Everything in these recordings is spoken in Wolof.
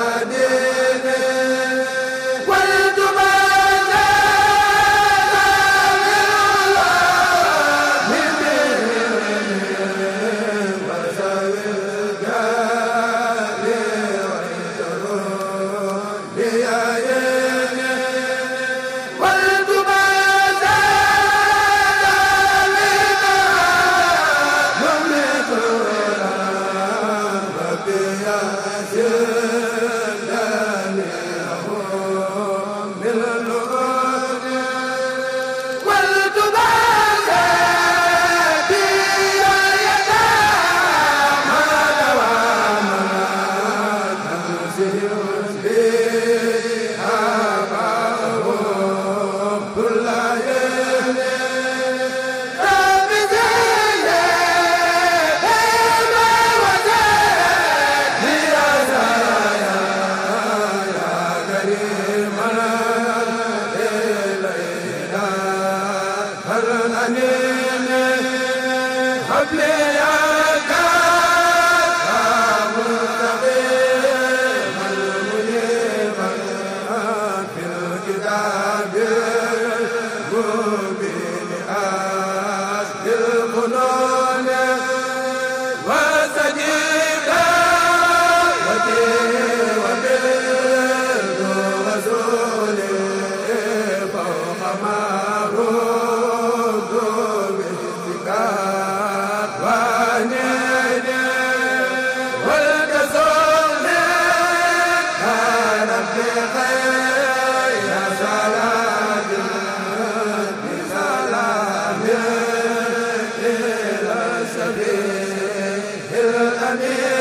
محمد yaa amiin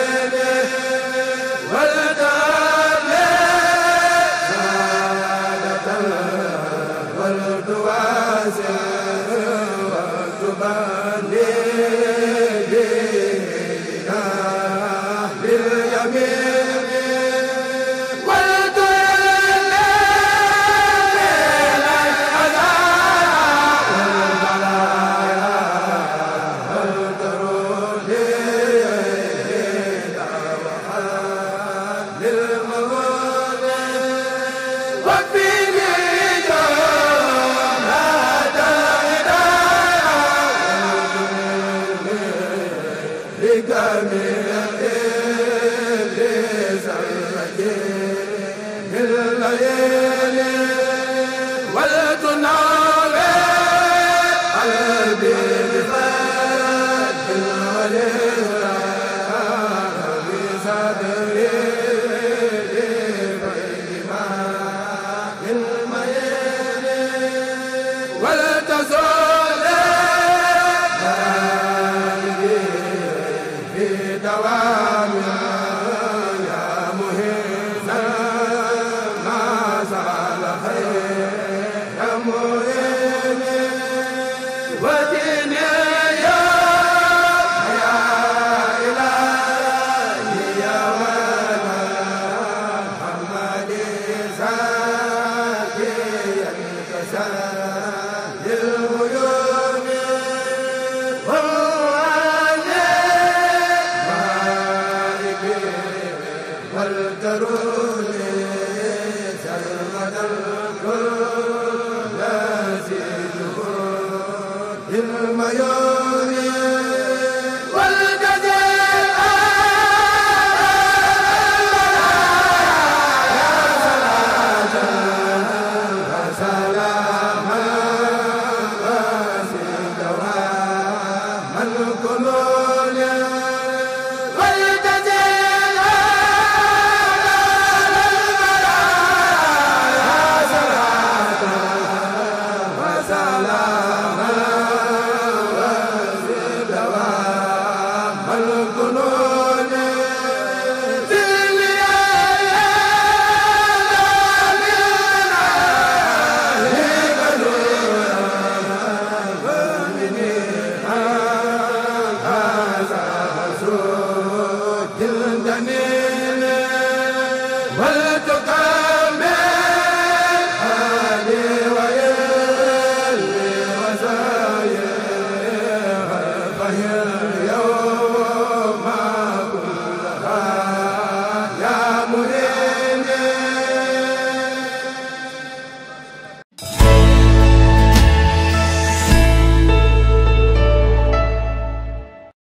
ya